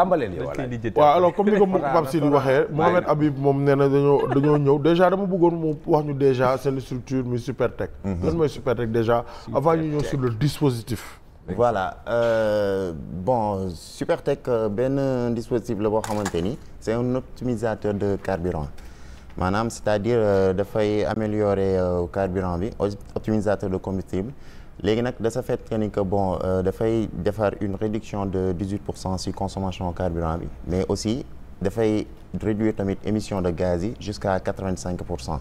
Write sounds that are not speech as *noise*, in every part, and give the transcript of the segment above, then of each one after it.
tàmbaleel yi comme ni ko Pape Sidi waxee Mohamed Habib moom nee na dañoo dañoo ñëw déjà dama bëggoon mu wax ñu déjà seen structure muy Supertech mhm. lan mooy Supertech déjà avant ñu ñëw sur le dispositif voilà euh, bon Supertech euh, benn dispositif la boo xamante ni c'est un optimisateur de carburant maanaam c'est-à-dire euh, dafay améliorer euh, carburant bi optimisateur de combustible léegi nag de fait que ni que bon euh, dafay defar une réduction de 18 pour cent si consommation carburant bi mais aussi dafay réduire tamit émission de gaz yi jusqu'à 85 pour cent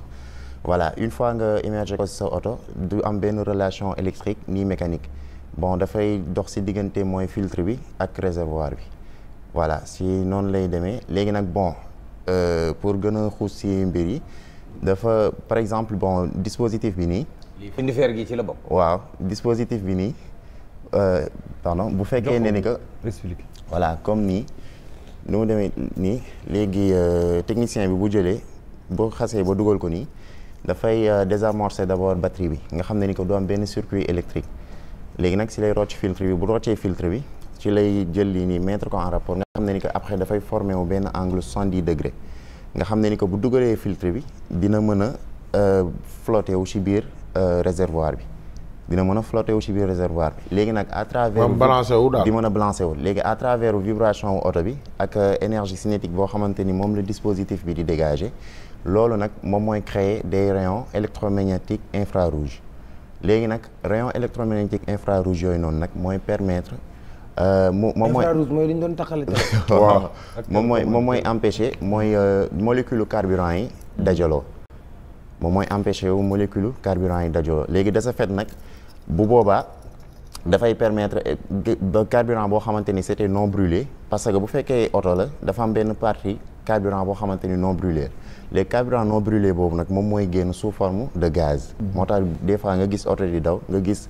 voilà une fois nga immergé ko sa oto du am benn relation électrique ni mécanique bon dafay dox si diggante mooy filtre bi ak réservoir bi voilà si noonu lay demee léegi nag bon euh, pour gën a xuus si mbir yi dafa par exemple bon dispositif bi nii indi fer gi ci la bokk. waaw dispositif bi nii euh, pardon bu fekkee ne ni que. voilà comme nii nu mu demee nii léegi euh, technicien bi bu jëlee boo xasee ba dugal ko nii dafay euh, désamorcer d'abord batterie bi nga xam ne ni que du am benn circuit électrique léegi nag si lay rocc filtre bi bu roccee filtre bi ci lay jël li nii mettre ko en rapport nga xam ne ni que après dafay former wu benn angle 70 degré nga xam ne ni que bu dugalee filtre bi dina mën a flotter wu si biir. Euh, réservoir bi dina mën a flotté wu ci biir réservoir bi léegi nag à travers di mën a balancé wu léegi à travers vibration wu oto bi ak euh, énergie cinétique boo xamante ni moom le dispositif bi di dégagé loolu nag moom mooy créer des rayons électromagnétiques infrarouge léegi nag rayon électromagnétique infrarouge yooyu noonu nag mooy permettre euh, mu moom mooy doon taxale *laughs* moom mooy moom mooy empêcher mooy molécule carburant yi dajaloo moom mooy empêché wu molécule carburant yi dajoo léegi de ce fait nag bu boobaa dafay permettre eh, ba carburant boo xamante ni c'était non brûlé parce que bu fekkee oto la dafa am benn partie carburant boo xamante ni non brûlé les carburant non brûlé boobu nag moom mooy génn sous forme de gaz. Mm-hmm. moo tax des fois nga gis oto di daw nga gis.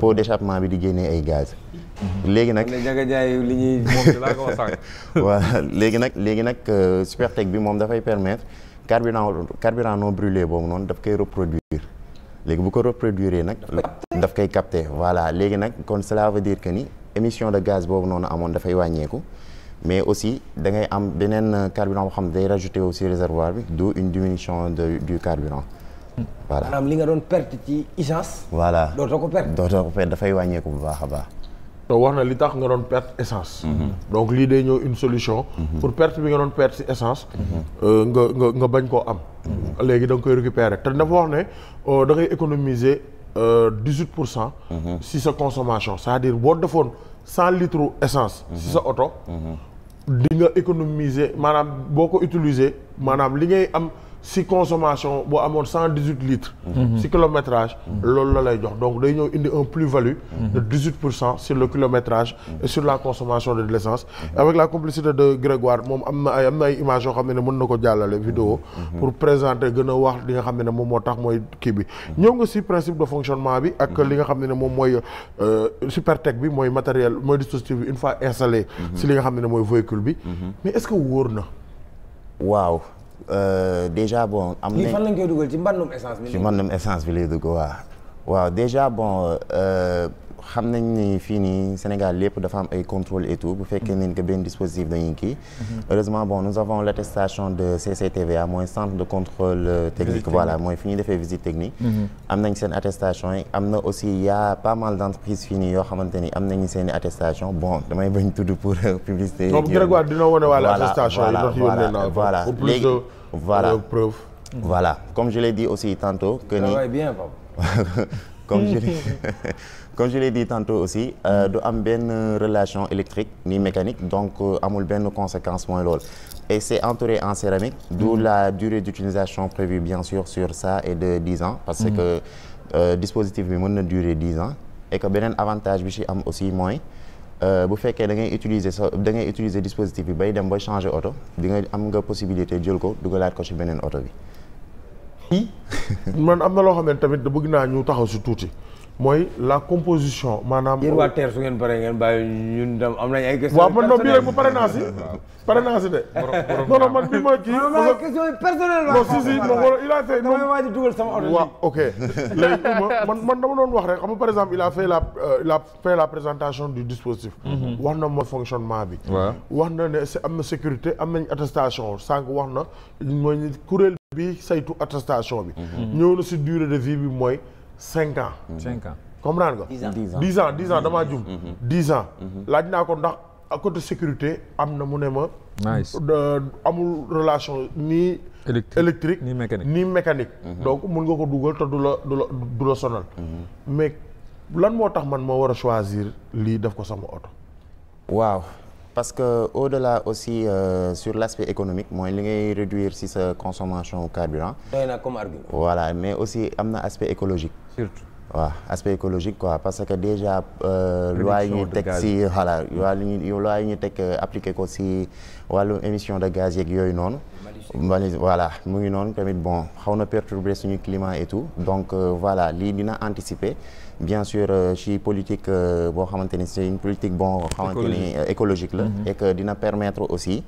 pot d'échappement bi di génnee ay gaz. Mm-hmm. léegi nag li *laughs* léegi nag léegi nag euh, Supertech bi moom dafay permettre. carburant carburant non brûlé boobu noonu daf koy reproduire léegi bu ko reproduire nag. daf koy capter voilà léegi nag kon cela veut dire que ni émission de gaz boobu noonu amoon dafay wàññeeku. mais aussi dangay am beneen carburant boo xam ne day rajouté aussi réservoir bi d'où une diminution de du carburant. voilà maanaam li nga doon perte ci essence. voilà dootoo ko perte dootoo ko perte dafay wàññeeku bu baax a baax. te wax na li tax nga doon perte essence. donc lii day ñëw une solution. pour perte bi nga doon perte si essence. Euh, nga nga nga bañ koo am. léegi da nga koy récupérer te dafa wax ne euh, da ngay économiser euh, dix huit pour cent. si sa consommation cest dire boo defoon cent litre essence. si sa oto. di nga maanaam boo ko utiliser maanaam li ngay am. si consommation boo amoon cent dix huit litres. Mhm. si kilométrage. Mhm. loolu la lay jox donc day ñëw indi un plus value. Mhm. dix huit pour cent sur le kilométrage. et la consommation de l' essence. avec la complicité de Grégoire moom am na ay am na ay images yoo xam ne mën na ko jàllale vidéo pour présenter gën a wax li nga xam ne moom moo tax mooy kii bi. ñëw nga si principe de fonctionnement bi. ak li nga xam ne moom mooy euh, supertech bi mooy matériel mooy dispositif une fois installé. si li nga xam ne mooy véhicule bi. mais est ce que Euh, déjà bon. am nañ fan lañ koy dugal ci mbandum essence bi. ci mbandum essence bi lay dugg waa waaw déjà bon euh, xam nañ ni fii nii Sénégal lépp dafa am ay contrôle et tout bu fekkee ni que benn dispositif dañuy kii. Mhm. heureusement bon nous avons l'attestation de CCTVA mooy centre de contrôle euh, technique. voilà mooy fi ñuy defee visite technique. Mhm. am nañ seen attestation yi am na aussi y a pas mal d'entreprises fii nii yoo xamante ni am nañu seen i attestation bon damay bañ tudd pour euh, publicité. donc Grégoire dina wane wàllu attestation yi ndax yónnee naa voilà voilà léegi voilà. voilà comme je l'ai dit aussi *laughs* comme je l'ai mm-hmm. *laughs* comme je aussi euh, mm-hmm. du am benn relation électrique ni mécanique donc euh, amul benn conséquence mooy lool et c'est entouré en céramique d'où mm-hmm. la durée d'utilisation prévue bien sûr sur ça et de dix ans parce que euh, dispositif bi mën na durer dix ans et que beneen avantage bi ci am aussi mooy euh, bu fekkee da ngay utiliser so da ngay utiliser dispositif bi bay dem ba changé oto di nga am nga possibilité jël ko dugalaat ko ci beneen oto bi Hmm? man am na loo xam ne tamit da bëgg naa ñu taxaw si tuuti mooy la composition maanaam. yéen waa ngeen paree ngeen bàyyi ñun tam am nañ ay questions. man non bii rek pare naa si. pare naa si de. non man bi ma kii. non non il a fait. damay man dama doon wax rek xam nga par exemple il a fait la euh, il a fait la présentation du dispositif. Mhm. wax na mooy fonctionnement bi. wax na ne am na sécurité am nañ attestation sànq wax na mooy kuréel bi saytu attestation bi. Mhm. ñëw na si durée de vie bi mooy. cinq ans. Mm-hmm. cinq ans comprendre nga. dix ans dix ans dix ans damaa jum. dix ans mm-hmm. Mm-hmm. laaj naa ko ndax à côté sécurité am na mu ne ma. amul relation ni électrique ni mécanique ni mécanique. donc mun nga ko dugal te du la du la du la sonal. mais lan moo tax man moo war a choisir lii def ko sama oto. waaw parce que au de la aussi euh, sur l'aspect économique mooy li ngay réduire si sa consommation au carburant. doy mais aussi am na aspect écologique. surtout waaw aspect écologique quoi parce que déjà euh, loi yi ñu teg si voilà wàlluñu loi yi ñu teg appliqué ko si wàllu émission de gaz yeeg yooyu noonu voilà mu ngi noonu tamit bon xaw na perturber suñu climat et tout donc euh, voilà lii dina anticiper bien sûr euh, ci politique boo xamante ni une politique bon xamante ni écologique la mhm. et que dina permettre aussi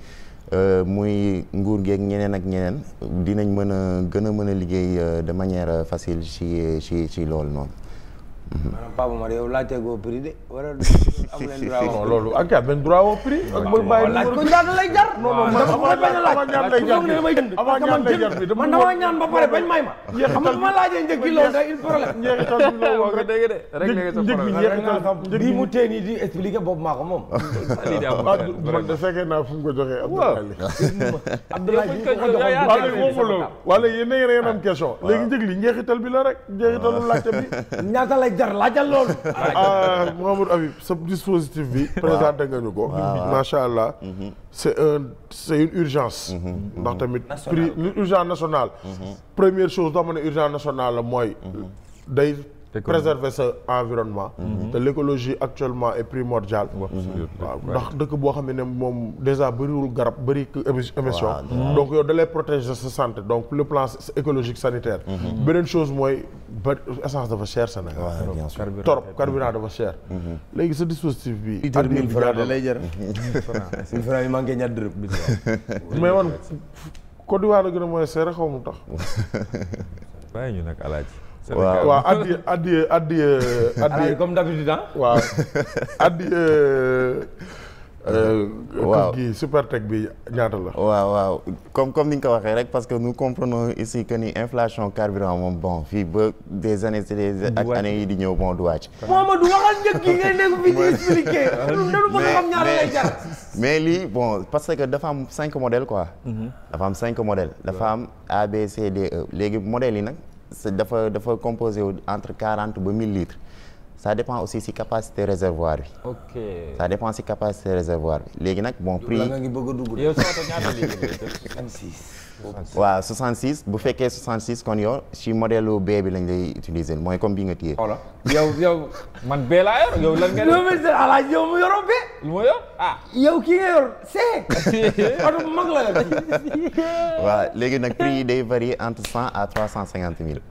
Euh, muy nguur geeg ñeneen ak ñeneen dinañ mën a gën a mën a liggéey euh, de manière euh, facile ci ci ci loolu noonu. maanaam Pape Omar yow laajte goo prix de wala am leen droit non loolu ak yaa benn droit au prix ak mooy bàyyi ko ñaata lay jar non non man dama bañ a laaj ñaan lay jar damay jënd avant ñaan lay jar bi man dama ñaan ba pare bañ may ma xam nga ma laajee njëg gi loolu day une problème njeexital bi nga wax dégg de rek léegi sa njëg bi njeexital bii mu tee nii di expliquer boobu maa ko moom man de fekkee naa fu mu ko joxee Abdoulaye Abdoulaye wala moomu loolu wala yéen a ngi am question léegi njëg li njeexital bi la rek njeexitalu laajte bi ñaata lay jar laajal loolu. *laughs* Ah, ah, Mamadou Habib sa dispositif bi. présenté nga ñu ko. macha allah. Mhm. c' est un c' est une urgence. Mhm. Mhm. ndax tamit prix urgence nationale. première chose doo xam ne urgence nationale la mooy. day. préserver sa environnement mhm. te l'écologie actuellement est primordiale waaw ndax dëkk boo xam ne moom déjà bëriwul garab bëri émission mm-hmm. donc yow dalay protéger sa santé donc le plan écologique sanitaire mm-hmm. beneen chose mooy ba essence dafa cher Sénégal torop carburant dafa cher mm-hmm. léegi sa dispositif bi litre mille francs da lay jar mille francs yi manqué ñaar dërëm bi *laughs* mais man Côte d'Ivoire la a mooy seer xaw mu tax *laughs* bàyyi ñu nag alaaji waaw waaw addiye addiye addiye waaw addiye euh, waaw bi ñaata la. waaw waaw comme comme ni nga ko waxee rek parce que nous comprenons ici que ni inflation carburant moom bon fii ba des années c'est des ak années yi di ñëw bon du wàcc. Mamadou waxal njëkk yi ngay nekk fii di expliqué. *laughs* loolu mën xam ñaata lay jar. mais lii bon parce que dafa am cinq modèles quoi. Mm-hmm. dafa am cinq modèles. dafa am A e. léegi modèles yi nag. dafa dafa composé wu entre quarante ba mille litres ça dépend aussi si capacité réservoir bi. ok ça dépend si capacité réservoir bi léegi nag bon prix. yow *laughs* waaw 66 bu fekkee 66 kon yow si modèle B bi lañ lay utiliser mooy comme bi nga téye. voilà yow yow man B laa yor yow lan nga. yow monsieur Alaaji yow mu yoroon B. ah. yow kii nga yor C. *laughs* oto bu mag la yor. *laughs* waaw léegi nag prix yi day varier entre 100 à 350 mille.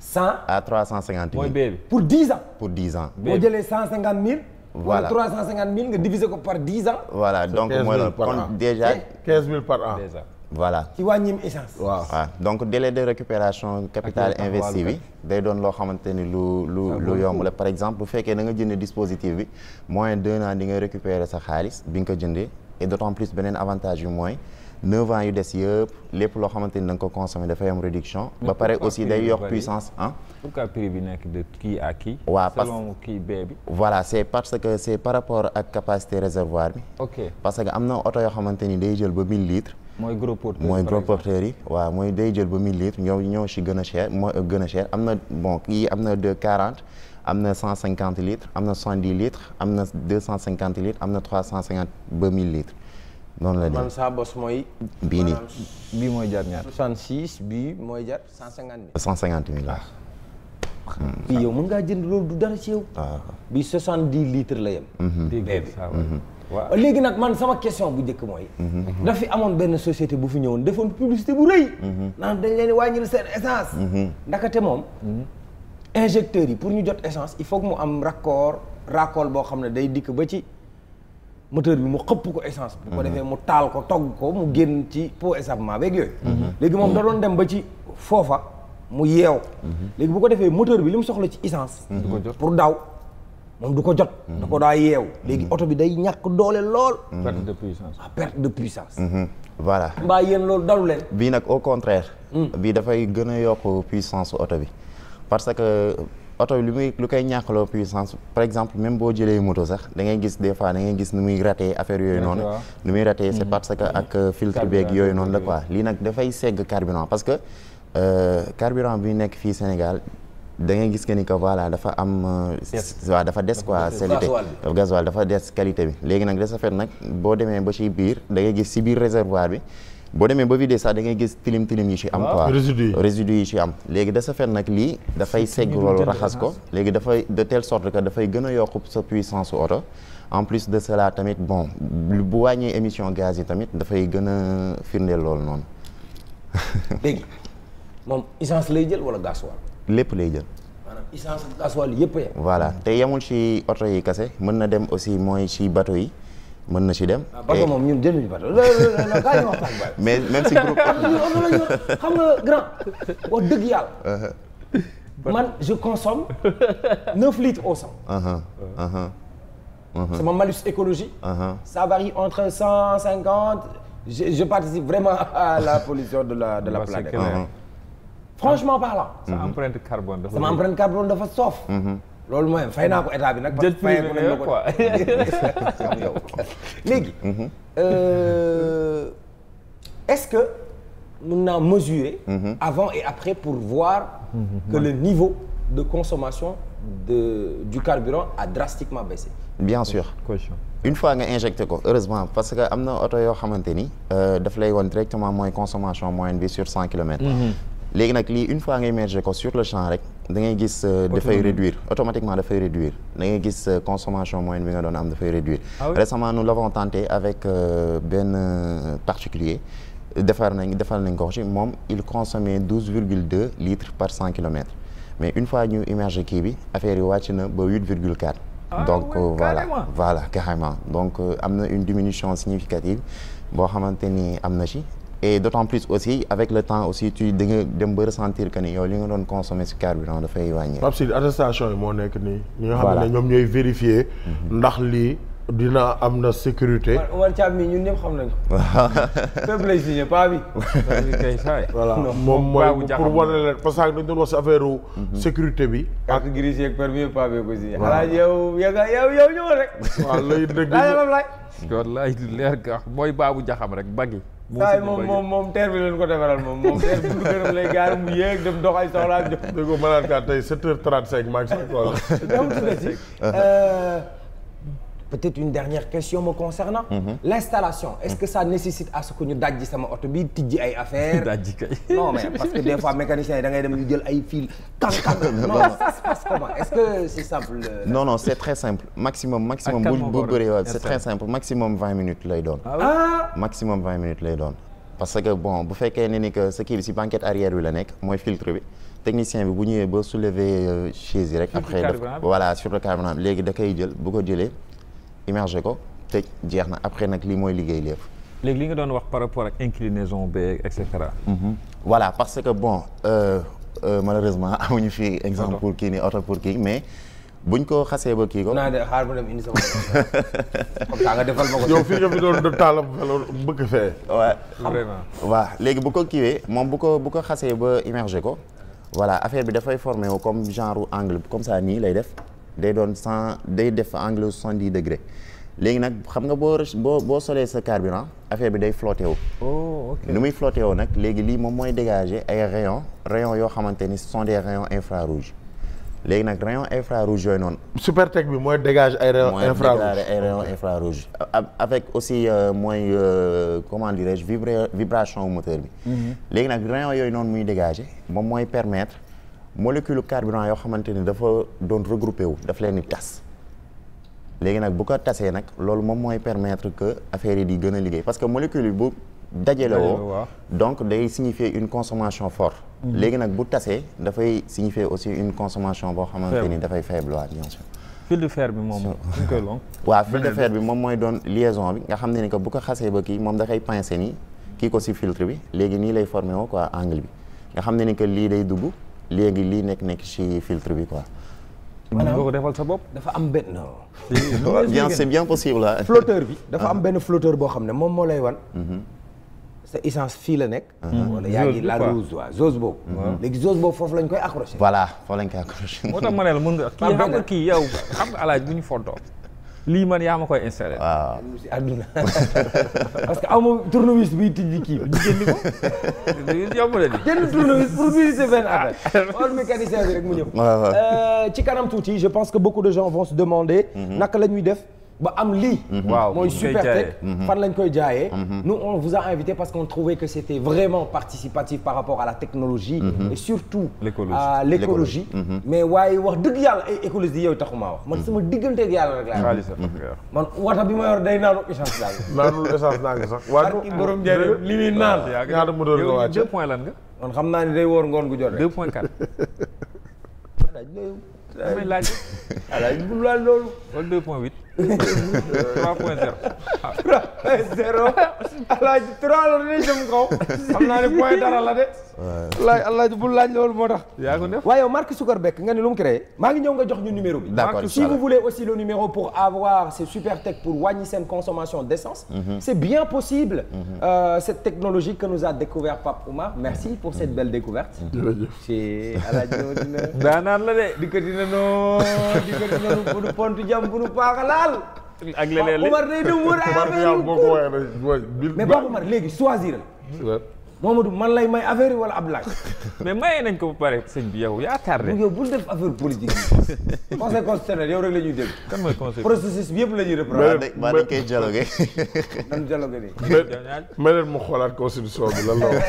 cent à trois cent cinquante bi pour dix ans. pour dix ans boo jëlee cent cinquante mille. voilà nga diviser ko par dix ans. voilà donc mooy loolu kon déjà. Eh, mille par an déjà. voilà ci wàññim essence. waaw waaw donc délai de récupération capital investi bi day doon loo xamante ni lu lu lu yomb la par exemple bu fekkee da nga jënd dispositif bi moyen deux ans di nga récupérer sa xaalis bi nga ko jëndee et d'autant plus beneen avantage yu mooy. neuf ans yu des yëpp lépp loo xamante ni da ko consommer dafay am réduction. ba pare aussi day yokk puissance ah. pourquoi bi nekk kii à kii. waaw parce selon kii bee bi. voilà c' est que c' est par rapport ak capacité réservoir bi. ok parce que am na oto yoo xamante ni day jël ba mille litres. mooy gros porteur mooy gros yi waaw mooy day jël ba 1000 litres ñoo ñoo si gën a cher moo gën a cher am na bon kii am na de 40. am na 150 litres am na 70 litres am na 250 litres am na 350 ba 1000 litres. noonu la man saa bos mooy. bii nii bii mooy jar ñaar. 66 bii mooy jar 150 mille. 150 mille waaw. kii yow mën ngaa jënd loolu du dara ci yow. waaw ah. bii 70 litres la yem. Mhm. Mhm. waaw léegi nag man sama question bu njëkk mooy. Mhm. daf amoon benn société bu fi ñëwoon defoon publicité bu rëy. naa dañ leen di wàññil seen essence. ndakate moom. injecteurs yi pour ñu jot essence il faut mu am raccord raccord boo xam ne day dikk ba ci. moteur bi mu xëpp ko essence bu ko mhm. defee mu taal ko togg ko mu génn ci pot échappement beeg yooyu mhm. léegi moom da doon dem ba ci foofa mu yeew mhm. léegi bu ko defee moteur bi li mu soxla ci essence pour daw moom du ko jot da ko daa yeew léegi oto bi day ñàkk doole lool perte de puissance ah de puissance voilà mbaa yéen loolu dalu leen bii nag au contraire mm. bii dafay gën a yokk puissance oto bi parce que oto bi lu muy lu koy ñàkkaloo puissance par exemple même boo jëlee moto sax dangay gis des fois da gis nu muy raté affaire yooyu noonu nu muy raté c'est mhm. parce que ak euh, filtre beeg yooyu noonu la quoi lii nag dafay segg carburant parce que euh, carburant bi nekk fii Sénégal da ngay gis que ni que voilà dafa am euh, waaw dafa des quoi qualité gasoil dafa des qualité bi léegi nag de ce fait nag boo demee ba ci biir da ngay gis ci biir réservoir bi boo demee ba vidé sax da ngay gis tilim tilim yi ci am quoi résidus yi ci am léegi de ce fait nag lii dafay segg loolu raxas ko léegi dafay de telle sorte que dafay gën a yokk sa puissance auto en plus de cela tamit bon bu wàññee émission gaz yi tamit dafay gën a firndeel loolu noonu *laughs* léegi moom lay jël wala gasoil lépp lay jël maanaam yëpp voilà te yemul ci oto yi kase mën na dem aussi mooy ci bateau yi mën na ci dem. bato ah, moom ñun jëluñu bato mais même si groupe. *laughs* xam nga grand wax dëgg yàlla. Uh-huh. man je consomme 9 litres au 100. Uh-huh. Uh-huh. sama malus écologie. ça varie entre 150 je je participe vraiment à la pollution de la de la planète. franchement parlant. sa empreinte carbone dafa. sama empreinte carbone dafa soof. loolu mooy fay naa ko état bi nag. jël fayee ko nañ *laughs* ko mm-hmm. mm-hmm. euh, est-ce que mën naa mesurer. Mm-hmm. avant et après pour voir. que le niveau de consommation de du carburant a drastiquement baissé. bien sûr une fois nga injecté ko heureusement parce que am na oto yoo xamante ni. Euh, daf lay woon directement mooy consommation moyenne bi sur cent kilomètres. léegi nag lii une fois ngay immerger ko sur le champ rek da ngay gis euh, dafay réduire automatiquement dafay réduire da ngay gis euh, consommation moyenne bi nga doon am dafay réduire ah récemment nous l'avons tenté avec euh, benn particulier defar nañ defal nañ ko ci moom il consommait douze virgule deux litres par cent kilomètres mais une fois ñu immergé kii bi affaire yi wàcc na ba huit virgule quatre ah donc voilà voilà carrément donc am na une diminution significative boo xamante nii am na ci et d'autant plus aussi avec le temps aussi tu da nga dem ba ressentir que ni yow li nga doon consommer si carburant dafay wàññi. Pape Sidi attestation yi moo nekk nii. ñi nga xam ne ñoom ñooy vérifier. Mhm. ndax lii dina am na sécurité. man Omar Thiam mii ñun ñëpp xam *laughs* lay signé *laughs* mooy mhm. sécurité bi. ak gris leer ga baabu jaxam rek bagi saa yi moom moom moom teer bi leen ko defaral moom moom teer bi gërëm lay gaar mu yéeg dem dox ay soxlaa jox dégg nga ma naan kaa tey sept heures trente cinq maa ngi si peut-être une dernière question me concernant mm -hmm. l'installation est-ce que ça nécessite à ce que ñu dajji sama oto bi tijji ay affaire *laughs* dajji kay non mais parce que da ngay dem ñu jël ay fil kankan *laughs* non ça que c'est simple euh... non non c'est très simple maximum maximum bu bu bëree waaw c'est très simple maximum minutes lay doon ah ah! maximum vingt minutes lay doon parce que bon bu fekkee ne ni que sa kii bi si banquet arrière bi la nekk mooy filtre bi technicien bi bu ñëwee ba soulever euh, chaise yi rek après voilà sur le carburant léegi da koy jël bu ko jëlee immergé ko tëj jeex na après nag lii mooy liggéey lépp. léegi li nga doon wax par rapport ak inclinaison beeg et cetera. Mhm. parce que bon euh, euh, malheureusement *laughs* amuñu fi exemple pour kii nii oto pour kii mais. buñ ko xasee ba kii ko. naa de xaar ma dem indi sama. *laughs* comme léegi bu ko kiiwee moom bu ko bu ko xasee ba immergé ko. voilà affaire bi dafay formé wu comme genre angle comme ça nii lay def. day doon cent day def angle soixante di degré léegi nag xam nga boo boo boo solee sa carburant affaire bi day flotté wu. oh muy flotté wu nag léegi lii moom mooy dégager ay rayon yoo xamante ni sont des rayons infrarouges léegi nag rayon infrarouge yooyu noonu. Supertech bi mooy dégage ay rayon infrarouge mooy dégage ay rayon avec aussi euh, mooy euh, comment dirais-je vibration moteur bi. Mhm. léegi nag rayon yooyu noonu muy dégager moom mooy permettre. molécule carburant yoo xamante ni dafa doon regroupé wu daf leen di tas léegi nag bu ko tasee nag loolu moom mooy permettre que affaire yi di gën a liggéey parce que molécule yi bu dajale woo donc day signifier une consommation fort mm-hmm. léegi nag bu tasee dafay signifier aussi une consommation boo xamante ni dafay faible waat bien sûr fil de fer bi moom duñ koy long bi moom mooy doon liaison bi nga xam ne ni que bu ko xasee ba kii moom dafay pincé nii kii ko si filtre bi léegi nii lay formé woo quoi angle bi nga xam ne ni que lii day dugg léegi lii nekk nekk ci filtre bi ko maanaam nga ko defal sa bopp dafa am benn. *laughs* bien c'est bien possible ah. flotteur bi dafa ah. am benn flotteur boo xam ne moom moo lay wan. Mhm. sa essence fii la nekk. Ah. Mhm. wala yaa ngi la rose waaw zose boobu. Mhm. léegi zose boobu foofu lañ koy accroché. voilà foofu lañ koy accroché. moo tax ma ne la mën nga. kii xam kii yow xam nga alaaj bu ñu fontoo. lii man yaa ma koy installé. waaw si parce que aw ma tournevis biy kii bi yomb na di. jënd tournevis pour visiter benn affaire. xool mécanicien bi rek mu *laughs* euh, ci kanam tuuti je pense que beaucoup de gens vont se demander. Mm-hmm. naka la ñuy def. ba am lii. Mhm. waaw mooy super tech mhm. fan lañ koy jaayee. Mhm. nous on vous a invité parce qu'on trouvait que c'était vraiment participatif par rapport à la technologie. et surtout à l'écologie mais waaye wax dëgg yàlla ay eh, écologie yow taxumaa wax. man sama digganteeg yàlla rek laa man wata bi ma yor day naanu essence daal. naanul essence naa ngi sax. waa borom njëriñ li muy naan. ñaata mu doon ko wàcc deux points lan nga. man xam naa ni day woor ngoon gu jot rek. deux point quatre. *laughs* damay laaj. alaay bu laal loolu. wala deux point huit. 3 point 0. 3 point 0 alaaji 3 bu laaj loolu moo tax. yaa ko def waaye yow Mark nga ne lu maa ngi ñëw nga jox ñu numéro bi. d'accord si vous voulez aussi le numéro pour avoir ces super tech pour wàññi seen consommation d'essence. Mhm. c'est bien possible. Mhm. Euh, cette technologie que nous a découvert Pape Oumar merci pour cette mhm. belle découverte. jërëjëf ci alaaji dina. daanaan la de. di ko dina noo di ko dina nu pontu jam bu nu paaxalaal. taxawal. ak leneen li Omar day dem wër ay affaire yu cool mais Pape Omar léegi choisir Mamadou man lay may affaire wala Abdoulaye. *laughs* mais maye nañ ko ba pare sëñ bi yow yaa tardé. yow bul def affaire politique yi. *laughs* conseil constitutionnel yow rek la ñuy dégg. kan mooy conseil processus bi yëpp la ñuy reprendre. maa dañ koy dialogué. *laughs* nan dialogué nii. mais mais mu xoolaat constitution bi lan la wax.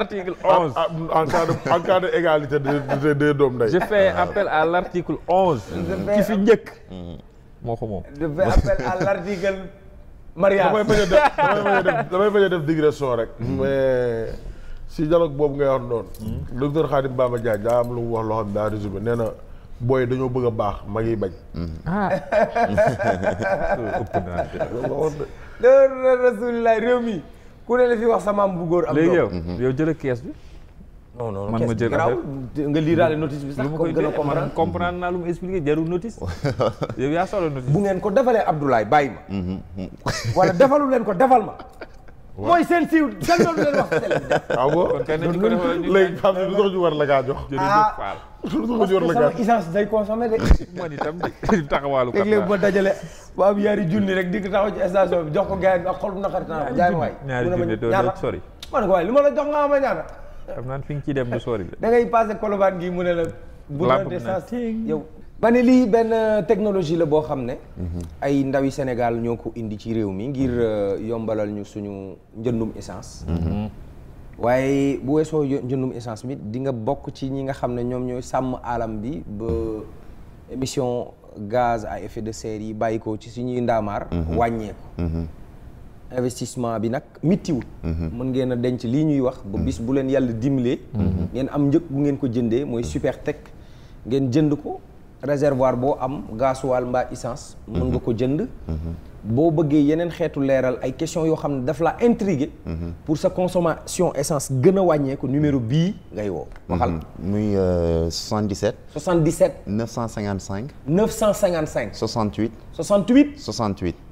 article ah, onze. Ah, en cas de en cas de égalité des des doom ndey. je fais appel à l' article onze. ki fi njëkk. Mm. moo ko moom. je fais appel à l'article mariage. damay bañ def damay bañ digression rek. Hmm. mais si dialogue boobu ngay wax noonu. Hmm. docteur Khadim Bamba Diagne daa am lu mu wax loo xam ne nee na. booy dañoo bëgg a baax mag yi bañ. Hmm. *laughs* ah. ëpp réew mi ku ne la wax sa maam bu góor. am léegi yow yow jëlee kees bi. non non man ma jël nga liiraale notice bi sax. comme gën a comprendre comprendre naa lu mu expliqué jarul notice. *laughs* yow yaa soxla notice. bu ngeen ko defalee Abdoulaye bàyyi ma. Mhm, mhm. *laughs* wala defalu leen ko defal ma. mooy seen siiw kenn doon leen wax télé. waaw *laughs* ah boo léegi xam nga lu tax ñu war la kaa jox. jërëjëf ah, Fall. lu tax ñu war la kaa jox parce que sama essence man itam taxawaalu. kat léeg-léeg ma dajale ba am yaari junni rek digg taxaw ci station bi jox ko gars yi ak xol bu naqari naa jaay waay. ñaari junni doo sori. ma ne ko waaye li ma la jox nga ma ñaata xam naa fi nga ciy dem du sori *laughs* da ngay passé Colobane gi mu ne la. bu yow. ma ne lii benn euh, technologie la boo xam ne. Mhm. ay ndawi Sénégal ñoo ko indi ci réew mi ngir mhm. euh, yombalal ñu suñu njëndum essence. Mhm. waaye bu weesoo njëndum essence bi di bokk ci ñi nga xam ne ñoom ñooy sàmm alam bi ba émission gaz à effet de serre yi bàyyi ko ci suñuy ndaamaar. wàññeeku. investissement bi nag mittiwul mhm. mën ngeen a denc lii ñuy wax ba mhm. bis bu leen yàlla dimbalee mhm. ngeen am njëkk bu ngeen ko jëndee mooy Supertech ngeen jënd ko réservoir boo am gasoil mbaa essence mën nga ko jënd boo bëggee yeneen xeetu leeral ay question yoo xam ne daf laa intrigué pour sa consommation essence gën a wàññeeku numéro bii ngay woo waxal muy 77 77 955 955 68 68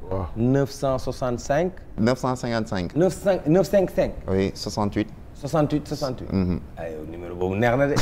waaw 965. 955. 955. oui 68. 68 68. aywa numéro boobu neex na de.